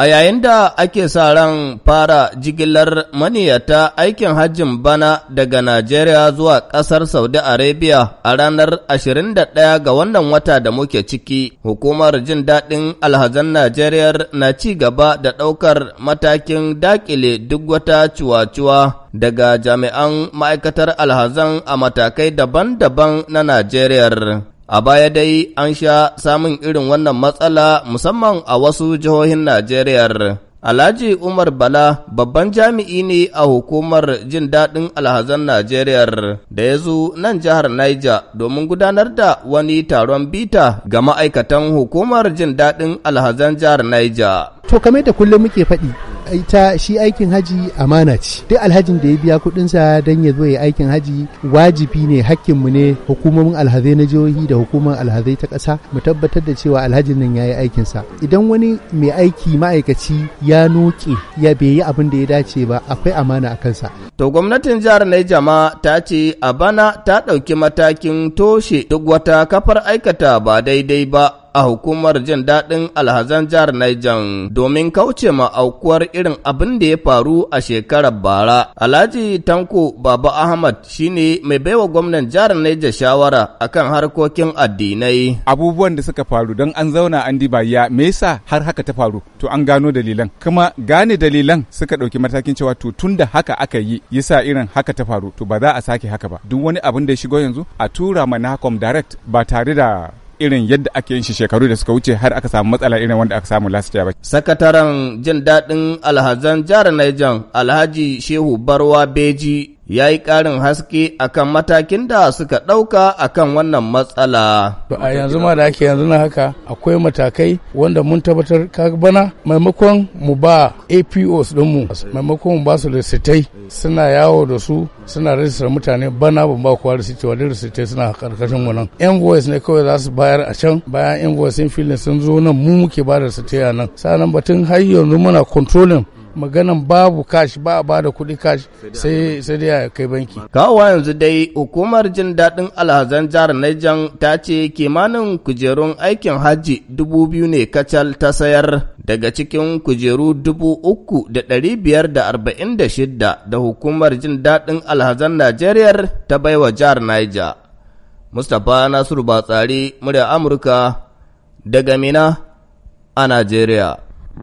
A yayin da ake sa ran fara jigilar maniyata aikin hajjin bana daga Najeriya zuwa ƙasar Saudi Arabia a ranar 21 ga wannan wata da muke ciki, hukumar jin daɗin alhazan Najeriya na ci gaba da ɗaukar matakin daƙile duk wata ciwa-ciwa daga jami'an ma'aikatar alhazan a matakai daban-daban na Najeriya. A baya dai an sha samun irin wannan matsala musamman a wasu jihohin Najeriya. Alhaji Umar Bala babban jami'i ne a hukumar jin daɗin alhazan Najeriya da ya zo nan jihar Niger domin gudanar da wani taron bita ga ma'aikatan hukumar jin daɗin alhazan jihar Niger. To kamar da kullum muke faɗi ita shi aikin haji amana ce duk alhajin da ya biya kuɗinsa don ya zo ya aikin haji wajibi ne mu ne hukumomin alhazai na jihohi da hukumar alhazai ta ƙasa mu tabbatar da cewa alhajin nan ya yi aikinsa idan wani mai aiki ma'aikaci ya noke ya bai yi abin da ya dace ba akwai amana a kansa. to gwamnatin jihar Naija ta ce a bana ta ɗauki matakin toshe duk wata kafar aikata ba daidai ba a hukumar jin daɗin alhazan jihar Niger domin kauce ma aukuwar irin abin da ya faru a shekarar bara. Alhaji Tanko Baba Ahmad shine mai baiwa gwamnan jihar Niger shawara akan harkokin addinai. Abubuwan da suka faru don an zauna an diba ya me yasa har haka ta faru to an gano dalilan kuma gane dalilan suka ɗauki matakin cewa to tunda haka aka yi yasa irin haka ta faru to ba za a sake haka ba duk wani abin da ya shigo yanzu a tura ma Nacom direct ba tare da irin yadda ake yin shi shekaru da suka wuce har aka samu matsala irin wanda aka samu last year ba. Sakataren jin daɗin alhazan jihar Niger Alhaji Shehu Barwa Beji ya yi ƙarin haske akan matakin da suka ɗauka akan wannan matsala. A yanzu ma da ake yanzu na haka akwai matakai wanda mun tabbatar ka bana maimakon mu ba APOs ɗinmu maimakon mu ba su risitai suna yawo da su suna rajistar mutane bana ban ba kowa resitai wa risitai suna karkashin mu nan. Envoys ne kawai za su bayar a can bayan envoys sun filin sun zo nan mu muke ba da resitai a nan. Sa'an batun har yanzu muna controlling maganan babu kashi ba a bada kuɗi kashi sai dai a kai banki. Kawowa yanzu dai hukumar jin daɗin alhazan jihar Niger ta ce kimanin kujerun aikin hajji dubu biyu ne kacal ta sayar daga cikin kujeru dubu uku da ɗari biyar da arba'in da shidda da hukumar jin daɗin alhazan Najeriya ta baiwa jihar Niger. Mustapha Nasiru Batsari, murya Amurka daga Mina a Najeriya.